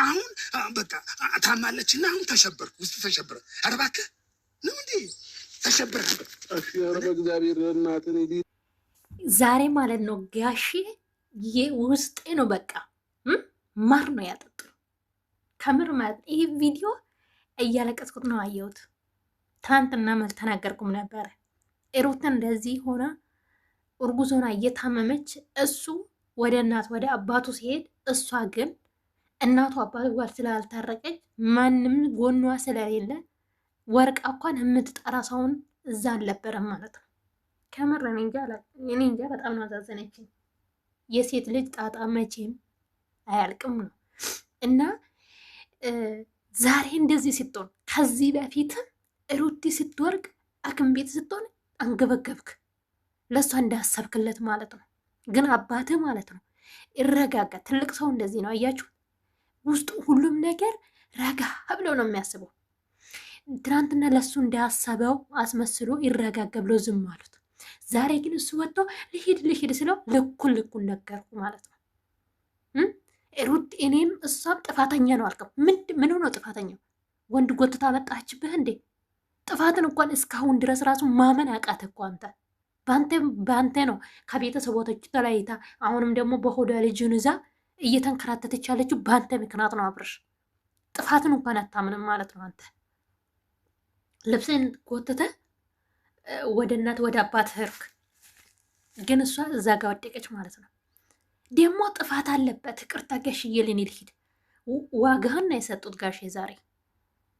አሁን በቃ ታማለች እና አሁን ተሸበርኩ፣ ውስጥ ተሸበረ። ኧረ እባክህ ነው እንዴ ተሸበረ። በእግዚአብሔር እናትን ዛሬ ማለት ነው ጋሼ ይሄ ውስጤ ነው በቃ ማር ነው ያጠጡ ከምር ማለት ይሄ ቪዲዮ እያለቀስኩት ነው አየሁት። ትናንትና ተናገርኩም ነበረ ሩት እንደዚህ ሆና እርጉዝ እየታመመች እሱ ወደ እናት ወደ አባቱ ሲሄድ እሷ ግን እናቱ አባት ጋር ስላልታረቀች ማንም ጎኗ ስለሌለ ወርቅ እንኳን የምትጠራ ሰውን እዛ አልነበረም ማለት ነው። ከምር እኔ እንጃ በጣም ነው አዛዘነችኝ። የሴት ልጅ ጣጣ መቼም አያልቅም ነው እና ዛሬ እንደዚህ ስትሆን ከዚህ በፊትም ሩቲ ስትወርቅ አክም ቤት ስትሆን አንገበገብክ ለእሷ እንዳሰብክለት ማለት ነው። ግን አባትህ ማለት ነው ይረጋጋ። ትልቅ ሰው እንደዚህ ነው አያችሁ። ውስጡ ሁሉም ነገር ረጋ ብሎ ነው የሚያስበው። ትናንትና ለሱ እንዳያሰበው አስመስሎ ይረጋገ ብሎ ዝም አሉት። ዛሬ ግን እሱ ወጥቶ ልሂድ ልሂድ ስለው ልኩን ልኩን ነገርኩ ማለት ነው። ሩት እኔም እሷም ጥፋተኛ ነው አልከም። ምን ነው ጥፋተኛ? ወንድ ጎትታ መጣችብህ እንዴ? ጥፋትን እንኳን እስካሁን ድረስ ራሱ ማመን አቃተ እኮ አንተ በአንተ ነው ከቤተሰቦቶች ተለይታ አሁንም ደግሞ በሆዷ ልጅን እየተንከራተተች ያለችው በአንተ ምክንያት ነው። አብርሽ ጥፋትን እንኳን አታምንም ማለት ነው። አንተ ልብስን ጎትተ ወደ እናት ወደ አባት ህርክ ግን እሷ እዛ ጋ ወደቀች ማለት ነው። ደግሞ ጥፋት አለበት። ይቅርታ ጋሽዬ ልንል ሂድ። ዋጋህን ነው የሰጡት ጋሼ ዛሬ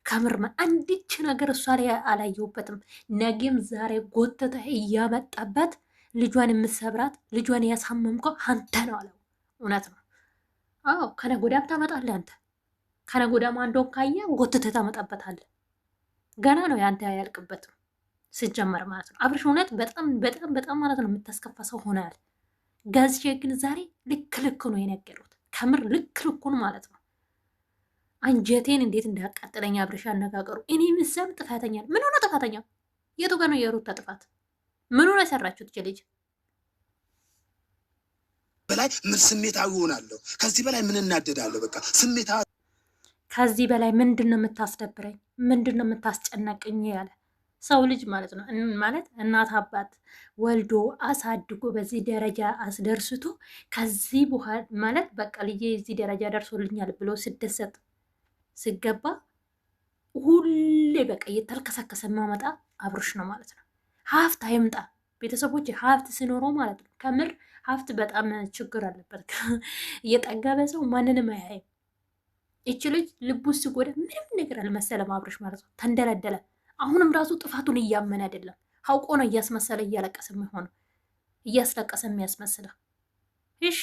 ከምርመ አንድች ነገር እሷ ላይ አላየሁበትም። ነገም ዛሬ ጎትተህ እያመጣበት ልጇን የምትሰብራት ልጇን ያሳመምከው አንተ ነው አለው። እውነት ነው። አዎ ከነጎዳም ወዲያም ታመጣለህ አንተ። ከነገ ወዲያም አንዶን ካየህ ጎትተህ ታመጣበታለህ። ገና ነው ያንተ አያልቅበትም ሲጀመር ማለት ነው። አብርሽ እውነት በጣም በጣም በጣም ማለት ነው የምታስከፋ ሰው ሆነሃል። ጋዝቼ ግን ዛሬ ልክ ልክ ነው የነገሩት፣ ከምር ልክ ልኩን ማለት ነው። አንጀቴን እንዴት እንዳቃጥለኝ አብርሽ አነጋገሩ። እኔ ምሰም ጥፋተኛል። ምን ሆነ ጥፋተኛ? የቱ ጋ ነው የሩታ ጥፋት? ምን ሆነ የሰራችሁት ልጅ በላይ ምን ስሜታዊ ሆናለሁ? ከዚህ በላይ ምን እናደዳለሁ? በቃ ስሜታ ከዚህ በላይ ምንድን ነው የምታስደብረኝ? ምንድን ነው የምታስጨነቅኝ? ያለ ሰው ልጅ ማለት ነው ማለት እናት አባት ወልዶ አሳድጎ በዚህ ደረጃ አስደርስቶ ከዚህ በኋላ ማለት በቃ ልጄ እዚህ ደረጃ ደርሶልኛል ብሎ ስደሰት ስገባ ሁሌ በቃ እየተልከሰከሰ ማመጣ አብሮሽ ነው ማለት ነው። ሀብት አይምጣ ቤተሰቦች ሀብት ሲኖረው ማለት ነው ከምር ሀብት በጣም ችግር አለበት። እየጠገበ ሰው ማንንም አያይም። ይች ልጅ ልቡ ሲጎዳ ምንም ነገር አልመሰለም። አብርሽ ማለት ነው ተንደለደለ። አሁንም ራሱ ጥፋቱን እያመን አይደለም፣ አውቆ ነው እያስመሰለ እያለቀሰ የሚሆነው እያስለቀሰ የሚያስመስለ ይሽ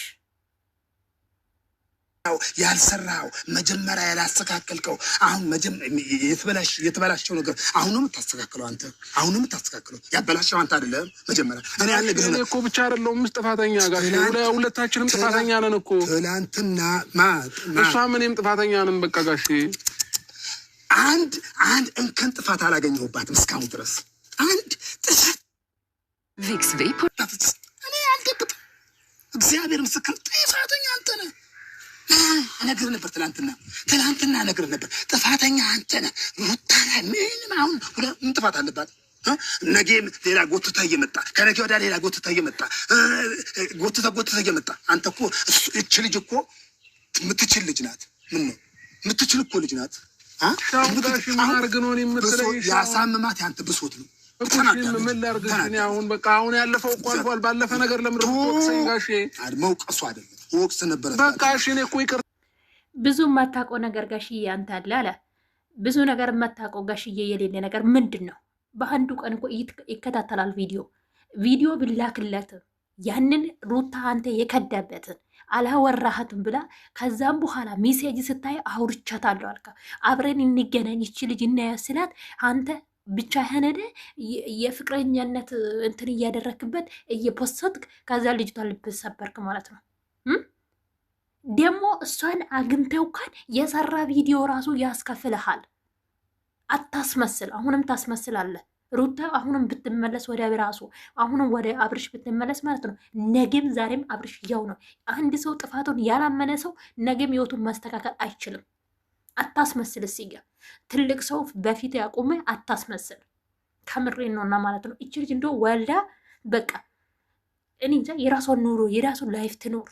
ያልሰራው መጀመሪያ ያላስተካከልከው አሁን የተበላሸው ነገር አሁንም ታስተካክለው አንተ አሁንም ታስተካክለው። ያበላሸው አንተ አይደለም መጀመሪያ። እኔ ያለ ግን እኮ ብቻ አይደለሁም ጥፋተኛ ጋር ሁለታችንም ጥፋተኛ ነን እኮ ትላንትና እሷም እኔም ጥፋተኛ ነን። በቃ ጋሼ አንድ አንድ እንከን ጥፋት አላገኘሁባትም እስካሁን ድረስ አንድ ጥፋት ቪክስ እግዚአብሔር ምስክር ጥፋተኛ አንተ ነህ። ነግር ነበር። ትላንትና ትላንትና ነግር ነበር። ጥፋተኛ አንተ ነህ ሩታ ላይ ምንም አሁን ምን ጥፋት አለባት። ነጌም ሌላ ጎትታ እየመጣ ከነጌ ወዲያ ሌላ ጎትታ እየመጣ ጎትታ ጎትታ እየመጣ አንተ እኮ እች ልጅ እኮ የምትችል ልጅ ናት። ምን ነው የምትችል እኮ ልጅ ናት። ያሳምማት ያንተ ብሶት ነው ምን ላድርግ አሁን በቃ አሁን ያለፈው እኮ አልፏል። ባለፈ ነገር ብዙ የማታውቀው ነገር ጋሽዬ አንተ አለ አለ ብዙ ነገር የማታውቀው ጋሽዬ የሌለ ነገር ምንድን ነው? በአንዱ ቀን እኮ ይከታተላል ቪዲዮ ቪዲዮ ብላክለት ያንን ሩታ አንተ የከዳበትን አላወራሃትም ብላ ከዛም በኋላ ሜሴጅ ስታይ አውርቻታለሁ አልካ አብረን እንገናኝ ይቺ ልጅ ስላት አንተ ብቻ ሄነደ የፍቅረኛነት እንትን እያደረክበት እየፖስትክ ከዛ ልጅቷ ልብ ሰበርክ ማለት ነው። ደግሞ እሷን አግኝተው የሰራ ቪዲዮ ራሱ ያስከፍልሃል። አታስመስል። አሁንም ታስመስላለህ። ሩታ አሁንም ብትመለስ ወደ ራሱ አሁንም ወደ አብርሽ ብትመለስ ማለት ነው። ነገም ዛሬም አብርሽ ያው ነው። አንድ ሰው ጥፋቱን ያላመነ ሰው ነገም ህይወቱን ማስተካከል አይችልም። አታስመስል። እስኪ ትልቅ ሰው በፊት ያቆመ አታስመስል። ከምሬን ነው እና ማለት ነው እች ልጅ እንደ ወልዳ በቃ እኔ እንጃ የራሷን ኑሮ የራሱን ላይፍ ትኖር።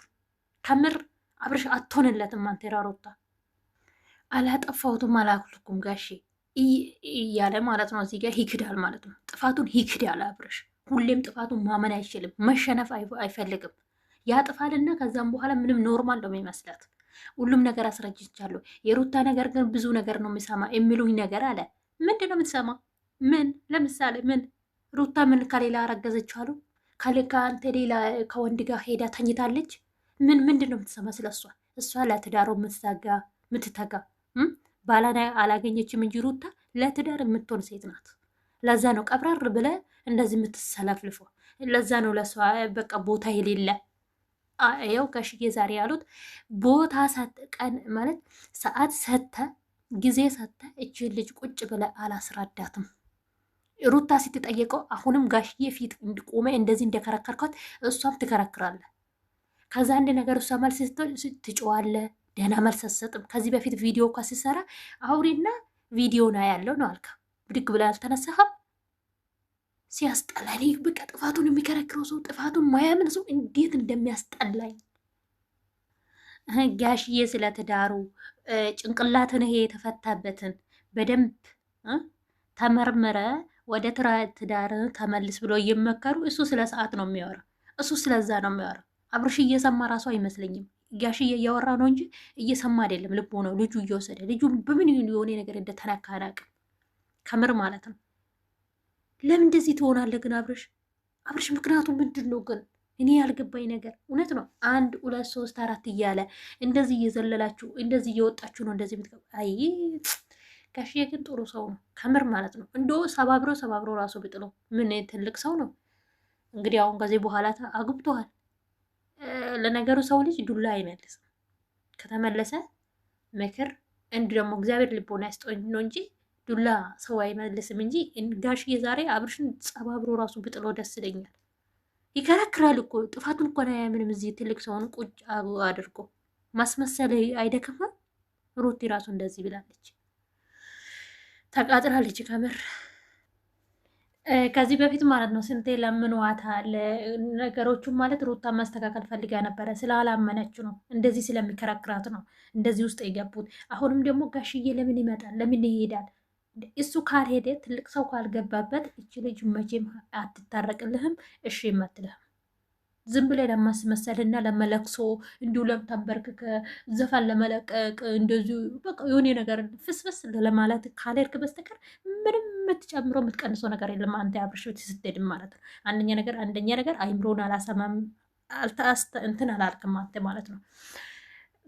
ከምር አብርሽ አትሆንለትም። አንተ የራሮታ አላጠፋሁትም አላኩልኩም ጋሼ እያለ ማለት ነው። እዚህ ጋር ይክዳል ማለት ነው። ጥፋቱን ይክዳል አብርሽ። ሁሌም ጥፋቱን ማመን አይችልም። መሸነፍ አይፈልግም። ያጥፋልና ከዛም በኋላ ምንም ኖርማል ነው የሚመስላት። ሁሉም ነገር አስረጅቻለሁ። የሩታ ነገር ግን ብዙ ነገር ነው የሚሰማ የሚሉኝ ነገር አለ። ምንድን ነው የምትሰማ? ምን ለምሳሌ ምን? ሩታ ምን ከሌላ አረገዘችዋሉ? አሉ? ከአንተ ሌላ ከወንድ ጋር ሄዳ ተኝታለች? ምን ምንድን ነው የምትሰማ ስለ እሷ? እሷ ለትዳሮ የምትተጋ የምትተጋ ባላና አላገኘችም እንጂ ሩታ ለትዳር የምትሆን ሴት ናት። ለዛ ነው ቀብረር ብለ እንደዚህ የምትሰለፍልፎ። ለዛ ነው ለሷ በቃ ቦታ የሌለ ያው ጋሽዬ ዛሬ ያሉት ቦታ ቀን ማለት ሰዓት ሰተ ጊዜ ሰተ እች ልጅ ቁጭ ብለ አላስረዳትም። ሩታ ስትጠየቀው አሁንም ጋሽዬ ፊት ቆመ እንደዚህ እንደከረከርኳት እሷም ትከረክራለ። ከዛ አንድ ነገር እሷ መልስ ትጮዋለ። ደህና መልስ አትሰጥም። ከዚህ በፊት ቪዲዮ እኳ ሲሰራ አውሪና ቪዲዮ ና ያለው ነው አልካ ብድግ ብላ አልተነሳህም ሲያስጠላ ላይ በቃ ጥፋቱን የሚከረክረው ሰው ጥፋቱን ማያምን ሰው እንዴት እንደሚያስጠላኝ። ጋሽዬ ስለ ትዳሩ ጭንቅላትን ይሄ የተፈታበትን በደንብ ተመርምረ ወደ ትዳር ተመልስ ብሎ እየመከሩ እሱ ስለ ሰዓት ነው የሚያወራ፣ እሱ ስለዛ ነው የሚያወራ። አብርሽ እየሰማ ራሱ አይመስለኝም። ጋሽዬ እያወራ ነው እንጂ እየሰማ አይደለም። ልቡ ነው ልጁ እየወሰደ ልጁ በምን የሆነ ነገር እንደተነካ አላውቅም። ከምር ማለት ነው ለምን እንደዚህ ትሆናለህ ግን አብርሽ አብርሽ ምክንያቱ ምንድን ነው ግን እኔ ያልገባኝ ነገር እውነት ነው። አንድ ሁለት ሶስት አራት እያለ እንደዚህ እየዘለላችሁ እንደዚህ እየወጣችሁ ነው እንደዚህ የምትገባ። አይ ጋሽዬ ግን ጥሩ ሰው ነው ከምር ማለት ነው። እንደ ሰባብሮ ሰባብሮ ራሱ ብጥሎ ምን ትልቅ ሰው ነው። እንግዲህ አሁን ከዚህ በኋላ አግብተዋል። ለነገሩ ሰው ልጅ ዱላ አይመልስም። ከተመለሰ ምክር እንዲ ደግሞ እግዚአብሔር ልቦና ያስጠኝ ነው እንጂ ዱላ ሰው አይመልስም እንጂ ጋሽዬ ዛሬ አብርሽን ጸባብሮ ራሱ ብጥሎ ደስ ይለኛል። ይከራክራል እኮ ጥፋቱን እኮ አያምንም። እዚህ ትልቅ ሰውን ቁጭ አድርጎ ማስመሰል አይደክምም። ሩቲ ራሱ እንደዚህ ብላለች። ተቃጥላለች ከምር ከዚህ በፊት ማለት ነው። ስንቴ ለምንዋታል ነገሮቹን ማለት ሩታ ማስተካከል ፈልጋ ነበረ። ስላላመነች ነው እንደዚህ ስለሚከራክራት ነው እንደዚህ ውስጥ የገቡት። አሁንም ደግሞ ጋሽዬ ለምን ይመጣል? ለምን ይሄዳል? እሱ ካልሄደ ትልቅ ሰው ካልገባበት እች ልጅ መቼም አትታረቅልህም፣ እሺ ይመትልህም። ዝም ብለ ለማስመሰልና ለመለክሶ እንዲሁ ለምታንበርክከ ዘፈን ለመለቀቅ እንደዚሁ በቃ የሆነ ነገር ፍስፍስ ለማለት ካልሄድክ በስተቀር ምንም የምትጨምረው የምትቀንሰው ነገር የለም። አንተ አብርሽ ቤት ስትሄድ ማለት ነው። አንደኛ ነገር አንደኛ ነገር አይምሮን አላሰማም እንትን አላልክም አንተ ማለት ነው።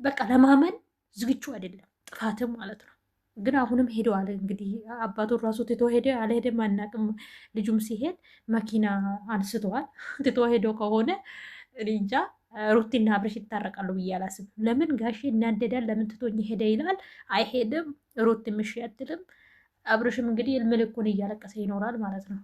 በቃ ለማመን ዝግጁ አይደለም ጥፋትም ማለት ነው። ግን አሁንም ሄደዋል። እንግዲህ አባቱን ራሱ ትቶ ሄደ አልሄደም ማናቅም። ልጁም ሲሄድ መኪና አንስተዋል። ትቶ ሄዶ ከሆነ እንጃ ሩቲና አብረሽ ይታረቃሉ ብዬ አላስብም። ለምን ጋሽ እናደዳል? ለምን ትቶኝ ሄደ ይላል። አይሄድም። ሩት ምሽ ያትልም። አብረሽም እንግዲህ ልምልኩን እያለቀሰ ይኖራል ማለት ነው።